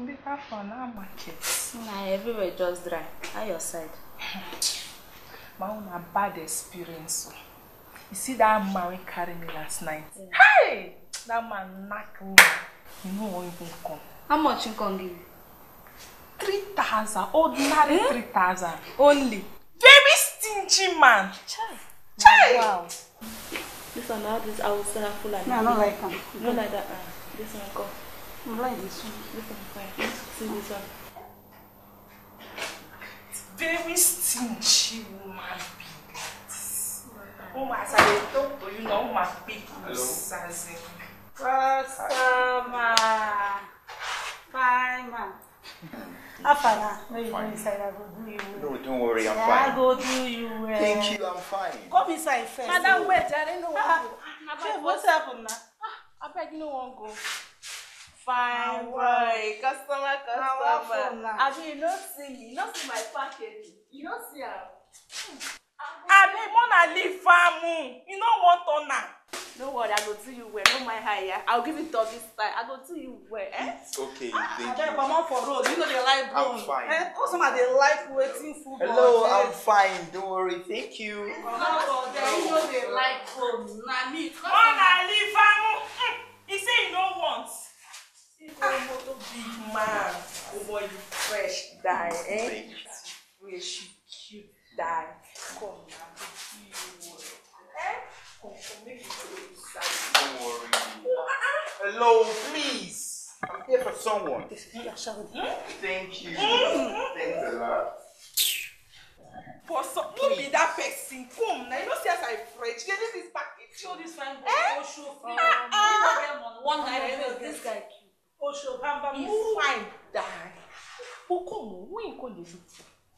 Bika for now market. Nah, everywhere just dry. How your side? My own a bad experience. You see that man we carry me last night? Yeah. Hey! That man knocked me. You know what even come. How much you can give you? 3,000. Ordinary hmm? Eh? 3,000. Only. Very stingy man. Chai. Chai. Wow. This one now, this outside full like. No, don't like him. Not like that. Uh, this one go. Very stingy woman be that. Woman, as I talk to you now, my people is as in. Customer. Fine, man. Afala, when you inside, I go do you well. No, don't worry, I'm fine. I go do you well. Eh. Thank you, I'm fine. Come inside first. Madam, wait, I don't know what to ah, do. What's happened now? Ah, I beg no one go fine boy, customer, customer. Abi, you don't see, you don't see my package. You don't see her. Hmm. I mean, wanna leave farm. You don't want on her. No worry, I go tell you where. No mind her, I I'll give it doggy style. I go tell you where. Eh? Okay, ah, thank I you. I beg for road. You know they like bone. I'm fine. Eh? Also, they like waiting football. Hello, eh? I'm fine. Don't worry. Thank you. Mama for eh, You know they like bone. Na me. Wanna leave farm. He hmm. say he no wants mo big man owó yìí fresh die ẹ́ wey she cute die come na to see you ẹ́ kọ̀ọ̀kan make you go inside. don't worry hello please i'm here for someone. thank you thanks a lot. for some no be that person come now, you know say as i french Get this package. show this fine eh? boy show for um, you one naira oh know this guy social bamba move. It's fine, darling. Okomo, call the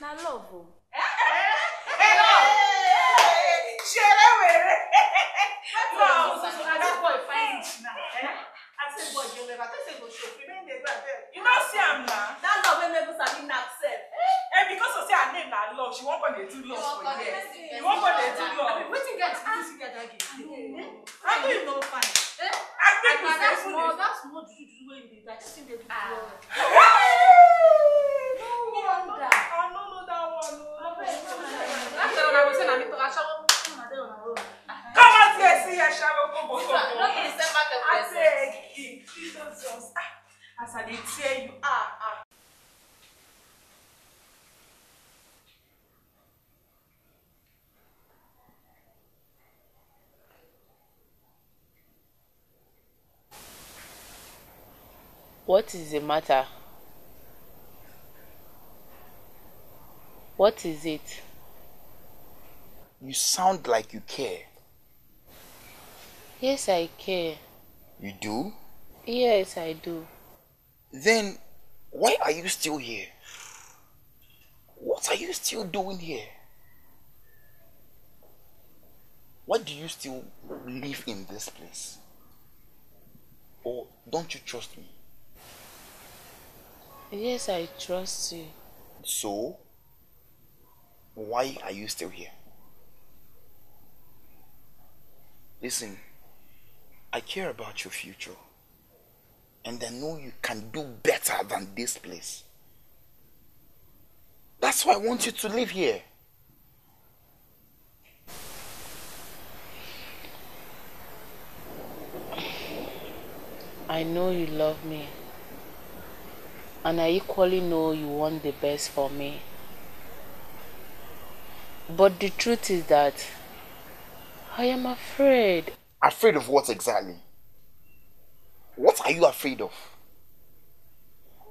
Na love o. Eh? Eh? Eh? eh, eh, eh love. Shere were. Now, so so na the boy find it now. Eh? I say boy, you never say go show. You mean they go there. You not see am now. That love when never sabi na self. Eh, because of say her name na love, she won't go dey do love for there. You won't go dey do love. Wetin get to do together again? I don't know fine. Eh? I think that's more, that's more 性别比。What is the matter? What is it? You sound like you care. Yes, I care. You do? Yes, I do. Then why are you still here? What are you still doing here? Why do you still live in this place? Or don't you trust me? Yes, I trust you. So, why are you still here? Listen, I care about your future. And I know you can do better than this place. That's why I want you to live here. I know you love me and I equally know you want the best for me. But the truth is that I am afraid. Afraid of what exactly? What are you afraid of?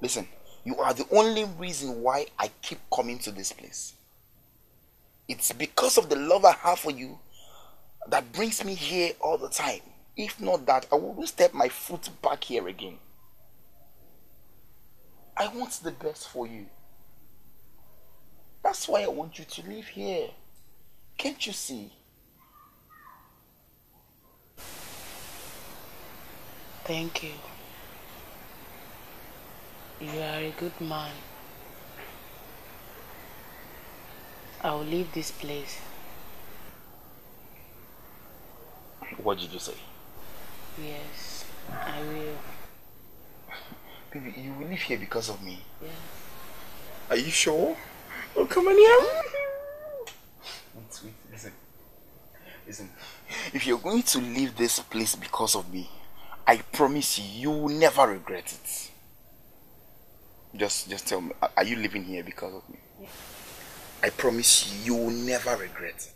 Listen, you are the only reason why I keep coming to this place. It's because of the love I have for you that brings me here all the time. If not that, I wouldn't step my foot back here again. I want the best for you. That's why I want you to live here. Can't you see? Thank you. You are a good man. I will leave this place. What did you say? Yes, I will you will live here because of me. Are you sure? Oh, come on here. listen. Listen. If you're going to leave this place because of me, I promise you, you will never regret it. Just, just tell me, are you living here because of me? Yes. I promise you, you will never regret it.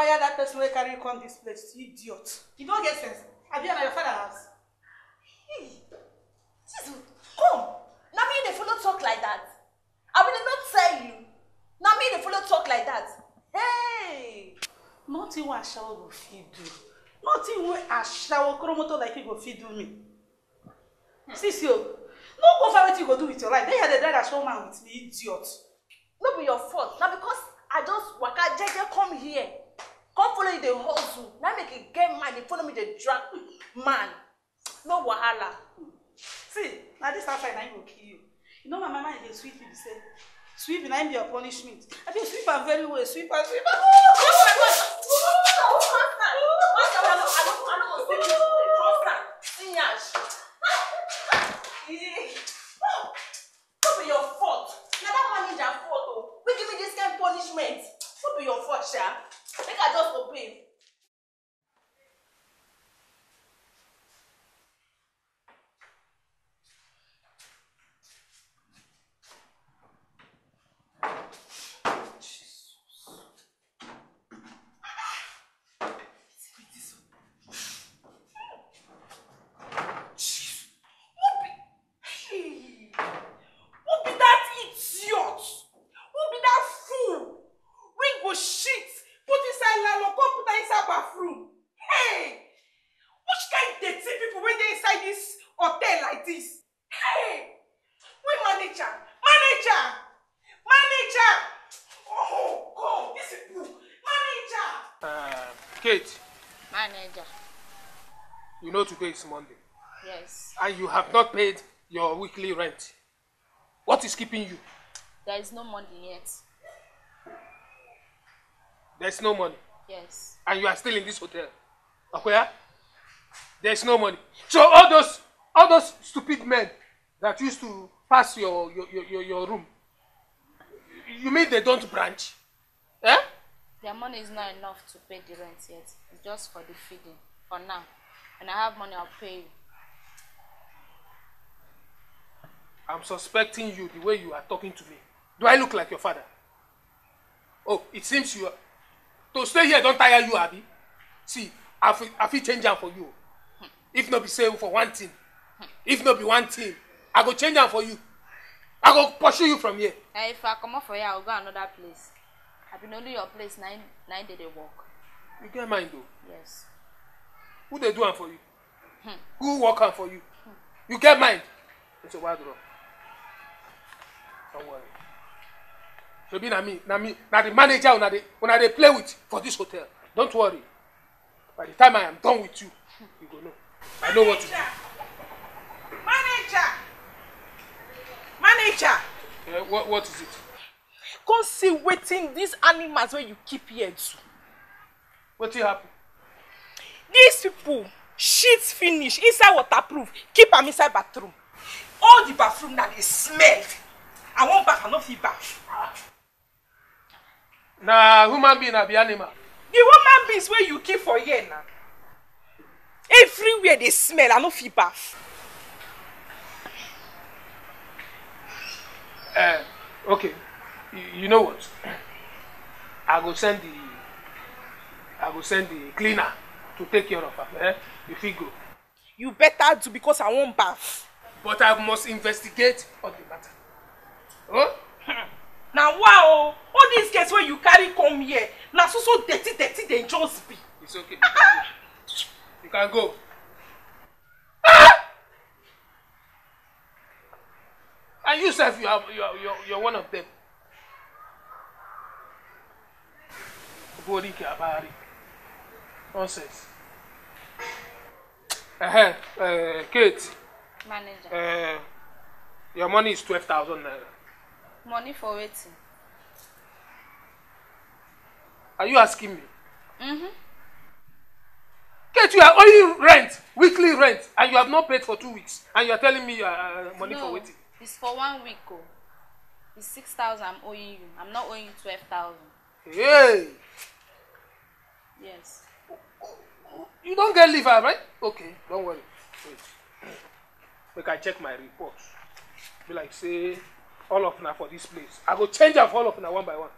fire that person wey carry come this place idiot you no get sense abi na your father house. jesus come na me dey follow talk like that abi dem no tell you na me dey follow talk like that hey. nothing wey asawo go fit do nothing wey asawo koromoto like you go fit do me hmm. sisi o oh. no go find wetin you go do with your life dey here dey drag asawo man with me idiot. no be your fault na because i just waka jeje come here come follow you dey hustle Now make you get mind dey follow me dey drag man no wahala. see now this outside Now im will kill you you know my mama dey sweep you be say sweep na im be your punishment i bin sweep am very well sweep am sweep am oh my god. Kate. Manager. You know today is Monday. Yes. And you have not paid your weekly rent. What is keeping you? There is no money yet. There's no money? Yes. And you are still in this hotel? Where? There's no money. So all those all those stupid men that used to pass your your, your, your room, you mean they don't branch? Eh? Their money is not enough to pay the rent yet. just for the feeding for now. When I have money, I'll pay you. I'm suspecting you the way you are talking to me. Do I look like your father? Oh, it seems you are. To stay here Don't tire you, Abi. See, I fit, I fit change am for you. If not be say for one thing, if not be one thing, I go change am for you. I go pursue you from here. Uh, if I come up for here, I'll go another place. I've been only your place nine nine day they work. You get mind though? Yes. Who they do am for you? Hmm. Who work am for you? Hmm. You get mind? It's a wild rock. Don't worry. Maybe na me, na me, na the manager una dey una dey play with for this hotel. Don't worry. By the time I am done with you, you go know. I know what to do. Manager! Manager! Uh, what, what is it? come see wetin these animals wey you keep here do. wetin happen. these people shit finish inside waterproof keep am inside bathroom all the bathroom na dey smell i wan baff i no fit baff. na human being na be animal. the human beings wey you keep for here na everywhere dey smell i no fit baff. Uh, eh, okay you, know what? I go send the I go send the cleaner to take care of am. Eh? You fit go. You better do because I wan baff. But I must investigate all the matter. Huh? na wow o all these girls wey you carry come here na so so dirty dirty dem just be. it's okay you can go Ah! and you sef you are you are you are one of them. Goriki Abari. Nonsense. Uh-huh. Kate. Manager. Uh, your money is twelve thousand naira. Money for waiting. Are you asking me? Mm-hmm. Kate, you are owing rent, weekly rent, and you have not paid for two weeks, and you are telling me you uh, uh, money no, for waiting. It's for one week, oh. It's six thousand. I'm owing you. I'm not owing you thousand. Hey! Yes. You don't get liver, right? Okay, don't worry. Wait. Make I check my report. Be like, say, all of now for this place. I go change up all of now one by one.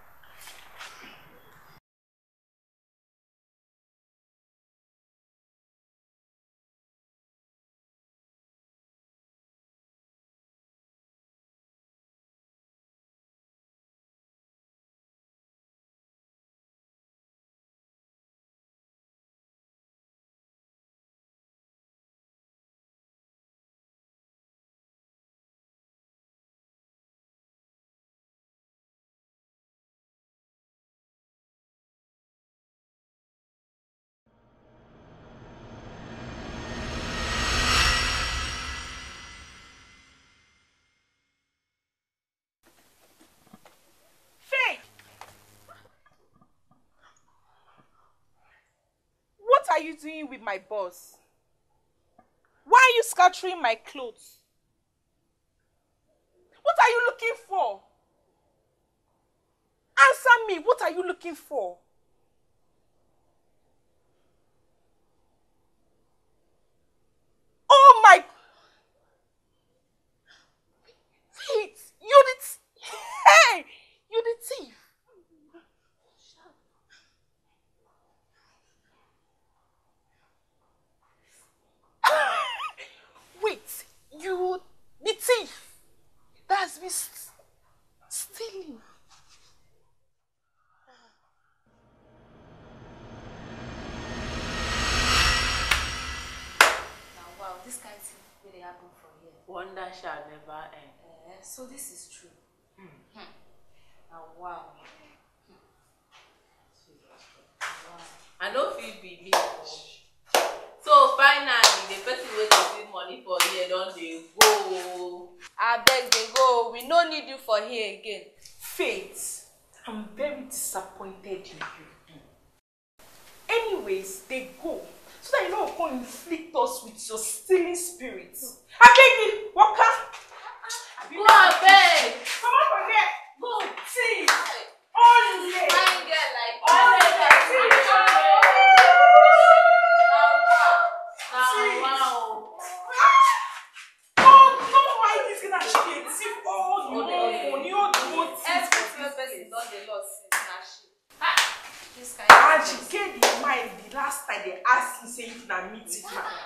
Are you doing with my boss? Why are you scattering my clothes? What are you looking for? Answer me, what are you looking for? That shall never end. Uh, so this is true. Mm. Hmm. Now, wow. Hmm. wow. Hmm. I don't feel believe. So finally, the person wey dey give money for here don't they go. I beg they go, we no need you for here again. Faith, I'm very disappointed in you. Hmm. Anyways, they go so that you no go come inflict us with your stealing spirit. walk up. Go abeg. Come on from there. Go See. Only. Fine girl like. Only. Only. séisme